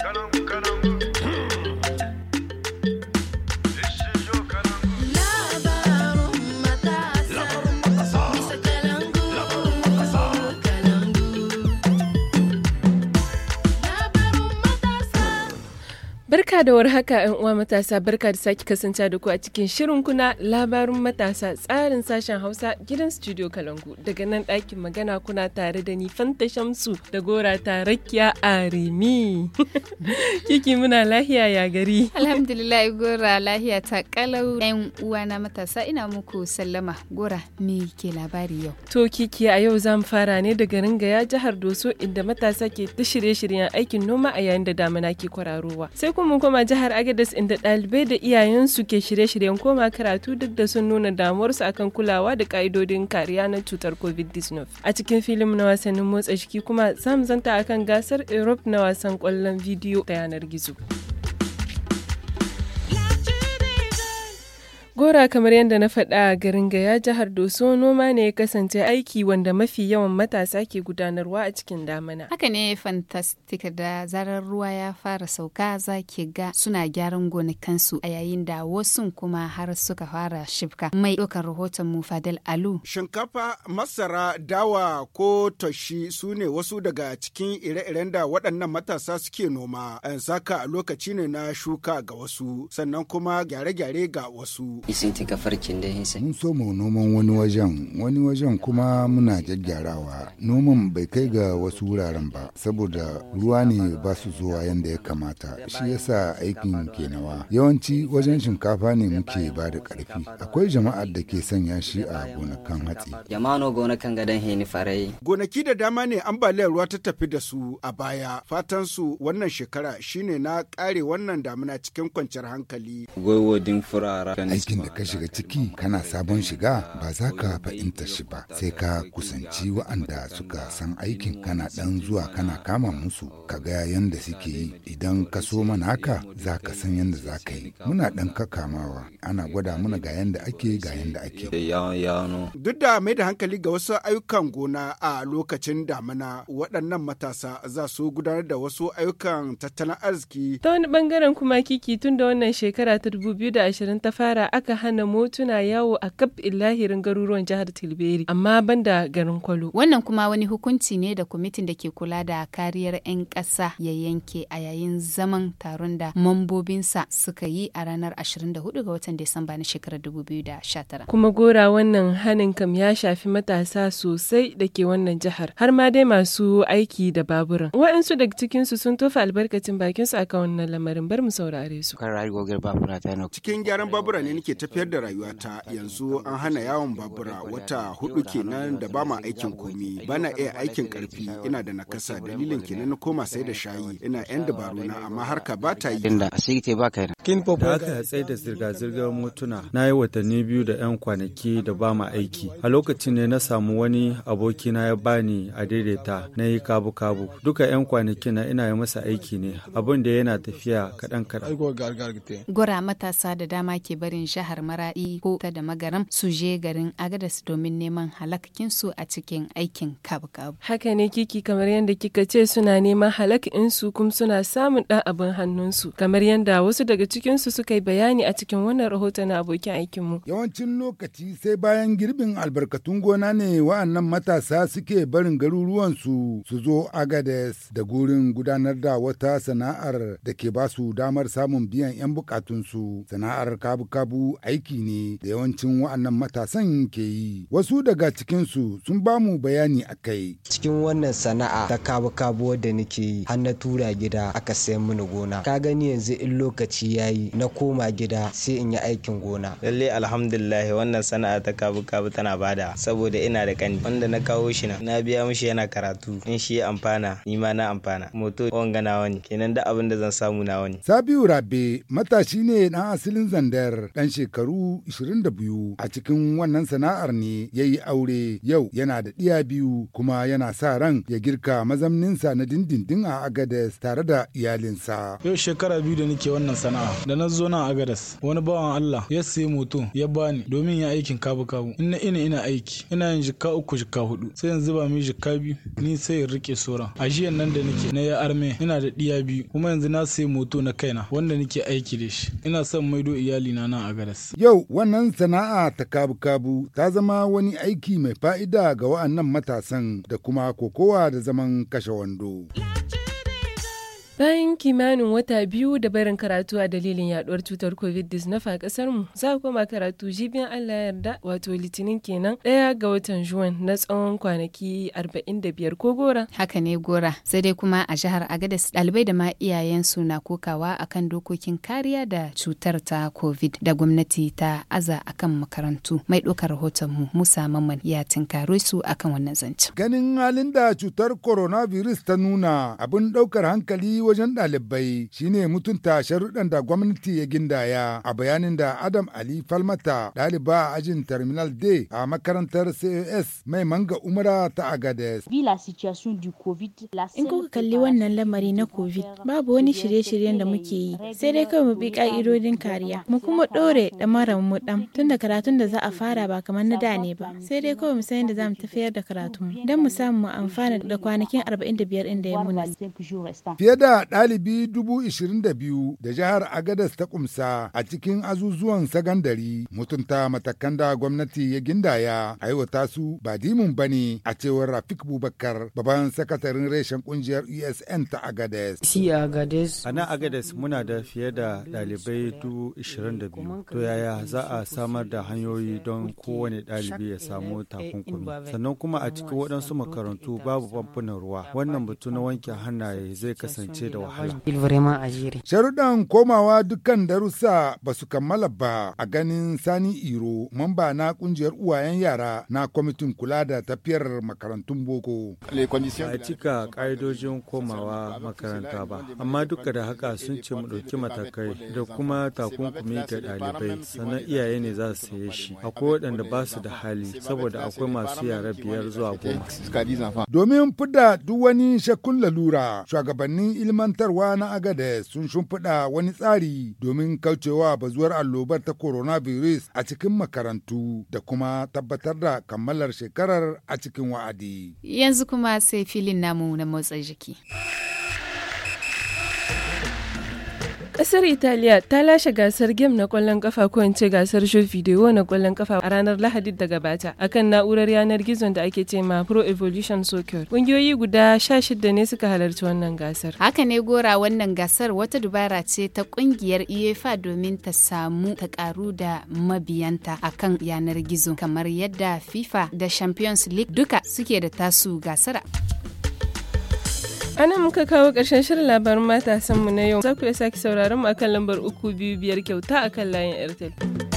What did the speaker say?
Come on. Barka da warhaka ‘yan uwa matasa barka da sake kasance da ku a cikin shirin kuna labarin matasa tsarin sashen Hausa gidan studio Kalangu daga nan ɗakin magana kuna tare da ni Fanta Shamsu da Gora Tarakkiya remi Kiki muna lahiya ya gari. Alhamdulillah Gora lahiya ta kalau ‘yan uwa na matasa ina muku sallama Gora me ke labari yau. To Kiki a yau zamu fara ne da daga gaya jihar Doso inda matasa ke ta shirye-shiryen aikin noma a yayin da damina ke kwararowa. Sai kuma mun koma jihar Agadez inda ɗalibai da iyayensu ke shirye-shiryen koma karatu duk da sun nuna damuwarsu akan kulawa da ka'idodin kariya na cutar COVID-19. A cikin filin na wasannin motsa jiki kuma sam zanta akan gasar Europe na wasan kwallon bidiyo ta yanar gizo. Gora kamar yadda na faɗa a garin Gaya jihar Doso noma ne ya kasance aiki wanda mafi yawan matasa ke gudanarwa a cikin damana. Haka ne fantastic da zarar ruwa ya fara sauka za ke ga suna gyaran gonakansu a yayin da wasu kuma har suka fara shifka. Mai ɗaukar rahoton mu Fadel Alu. Shinkafa, masara, dawa ko toshi su ne wasu daga cikin ire-iren da waɗannan matasa suke noma. An saka a lokaci ne na shuka ga wasu sannan kuma gyare-gyare ga wasu. isin tika farkin da hisa. Mun so mu noman wani wajen, wani wajen kuma muna gyaggyarawa. Noman bai kai ga wasu wuraren ba, saboda ruwa ne ba su zuwa yadda ya kamata. Shi yasa aikin ke nawa. Yawanci wajen shinkafa ne muke ba da ƙarfi. Akwai jama'ar da ke sanya shi a gonakan hatsi. Jama'ano gonakan gadon hini farai. Gonaki da dama ne ambaliyar ruwa ta tafi da su a baya. Fatan su wannan shekara shine na kare wannan damina cikin kwanciyar hankali. Goyo din furara. Aikin da ka shiga ciki kana sabon shiga ba za ka fahimta shi ba sai ka kusanci wa'anda suka san aikin kana dan zuwa kana kama musu ka ga yanda suke yi idan ka so mana haka za ka san yanda za ka yi muna dan kakamawa ana gwada muna ga yanda ake ga yanda ake duk da mai da hankali ga wasu ayyukan gona a lokacin damina waɗannan matasa za su gudanar da wasu ayyukan tattalin arziki ta wani bangaren kuma kiki tun da wannan shekara ta 2020 ta fara aka suka hana motuna yawo a kaf illahirin garuruwan jihar Tilberi amma banda garin Kwalo. Wannan kuma wani hukunci ne da kwamitin da ke kula da kariyar 'yan ƙasa ya yanke a yayin zaman taron da mambobinsa suka yi a ranar 24 ga watan Disamba na shekarar 2019. Kuma gora wannan hanin kam ya shafi matasa sosai da ke wannan jihar har ma dai masu aiki da baburan. Wa'ansu daga cikinsu sun tofa albarkacin bakinsu akan wannan lamarin bar mu saurare su. Kan rayuwar babura ta Cikin gyaran babura ne nake tafiyar da rayuwata yanzu an hana yawon babura wata hudu kenan da ba ma aikin komi bana iya aikin karfi ina da nakasa dalilin kenan na koma sai da shayi ina yan dabaru na amma harka ba ta yi. ba Da aka tsaye da zirga-zirgar motuna na yi watanni biyu da yan kwanaki da ba ma aiki a lokacin ne na samu wani aboki na ya bani a daidaita na yi kabu-kabu duka yan kwanakina na ina yi masa aiki ne abin da yana tafiya kaɗan-kaɗan. Gwara matasa da dama ke barin sha. jihar Maradi ko ta da Magaram su je garin Agadas domin neman halakkin su a cikin aikin kabkab. Haka ne kiki kamar yadda kika ce suna neman halakkin su kuma suna samun ɗan abin hannunsu kamar yadda wasu daga cikin su suka yi bayani a cikin wannan rahoton na abokin mu Yawancin lokaci sai bayan girbin albarkatun gona ne wa'annan matasa suke barin garuruwansu su zo Agades da gurin gudanar da wata sana'ar da ke ba su damar samun biyan 'yan bukatunsu sana'ar kabu-kabu aiki ne da yawancin wa'annan matasan ke yi. Wasu daga cikinsu sun ba mu bayani a kai. Cikin wannan sana'a ta kabu kabu da nake yi har na tura gida aka sayan mini gona. Ka gani yanzu in lokaci ya yi na koma gida sai in yi aikin gona. Lalle alhamdulillah wannan sana'a ta kabu kabu tana bada saboda ina da kani wanda na kawo shi na na biya mishi yana karatu in shi ya amfana ni ma na amfana moto wanga na wani. kenan da abin da zan samu na wani. Sabiu Rabe matashi ne dan asalin zandar dan shekaru 22 a cikin wannan sana'ar ne ya yi aure yau yana da ɗiya biyu kuma yana sa ran ya girka mazamninsa na dindindin a Agades tare da iyalinsa. Yau shekara biyu da nake wannan sana'a da na zo nan Agades wani bawan Allah ya sayi moto ya bani domin ya aikin kabu kabu ina ina ina aiki ina yin jikka uku jikka hudu sai yanzu ba mi jikka biyu ni sai in rike sora a jiyan nan da nake na ya arme ina da ɗiya biyu kuma yanzu na sayi moto na kaina wanda nake aiki da shi ina son maido iyalina na Agades. Yau wannan sana'a ta kabu-kabu ta zama wani aiki mai fa'ida ga wa'annan matasan da kuma kokowa da zaman kashe wando. Bayan kimanin wata biyu da barin karatu a dalilin yaduwar cutar COVID-19 a kasar mu, za koma karatu jibin Allah yarda wato litinin kenan daya ga watan Juwan na tsawon kwanaki 45 ko gora. Haka ne gora, sai dai kuma a jihar Agadez ɗalibai da ma iyayensu na kokawa akan dokokin kariya da cutar ta COVID da gwamnati ta aza akan makarantu. Mai ɗaukar rahoton mu Musa Mamman ya tinkaro su akan wannan zancen. Ganin halin da cutar coronavirus ta nuna abin ɗaukar hankali wajen ɗalibai shine mutunta sharuɗan da gwamnati ya gindaya a bayanin da Adam Ali Falmata ɗaliba a ajin Terminal D a makarantar CAS mai manga umara ta Agades. In kuka kalli wannan lamari na COVID babu wani shirye-shiryen da muke yi sai dai kawai mu bi ka'idodin kariya mu kuma ɗore ɗamaran mu ɗan tunda karatun da za a fara ba kamar na da ne ba sai dai kawai mu san yadda za mu tafiyar da karatun don mu samu mu amfana da kwanakin 45 biyar inda ya muna. Fiye da a ɗalibi dubu ishirin da biyu da jihar Agadas ta kumsa a cikin azuzuwan sagandari mutunta matakan da gwamnati ya gindaya aiwata su ba dimun ba ne a cewar Rafik Bubakar babban sakatarin reshen kungiyar USN ta Agades. A nan Agades muna da fiye da ɗalibai dubu ishirin da biyu. To yaya za a samar da hanyoyi don kowane ɗalibi ya samu takunkumi. Sannan kuma a cikin waɗansu makarantu babu famfunan ruwa. Wannan batu na wanke hannaye zai kasance da wahala. Sharuɗan komawa dukkan darussa ba su kammala ba a ganin Sani Iro, mamba na ƙungiyar uwayen yara na kwamitin kula da tafiyar makarantun boko. Ba cika ƙa'idojin komawa makaranta ba, amma duka da haka sun ce mu ɗauki matakai da kuma takunkumi ga ɗalibai, sannan iyaye ne za su saye shi. Akwai waɗanda ba su da hali, saboda akwai masu yara biyar zuwa goma. Domin fidda duk wani shakkun lalura, shugabannin ilmi ilmantarwa na agades sun shimfiɗa wani tsari domin kaucewa bazuwar allobar ta coronavirus a cikin makarantu da kuma tabbatar da kammalar shekarar a cikin wa'adi. Yanzu kuma sai filin namu na motsa jiki. Kasar Italiya ta lashe gasar game na kwallon kafa ko in ce gasar show video na kwallon kafa a ranar Lahadi da gabata akan na'urar yanar gizon da ake ce ma Pro Evolution Soccer. Kungiyoyi guda shida ne suka halarci wannan gasar. Haka ne gora wannan gasar wata dubara ce ta kungiyar UEFA domin ta samu ta karu da mabiyanta akan yanar gizo kamar yadda FIFA da Champions League duka suke da tasu gasara. Ana muka kawo ƙarshen shirin labarin matasanmu na yau. Za ku sake sauraron mu akan lambar uku biyu biyar kyauta akan layin Airtel.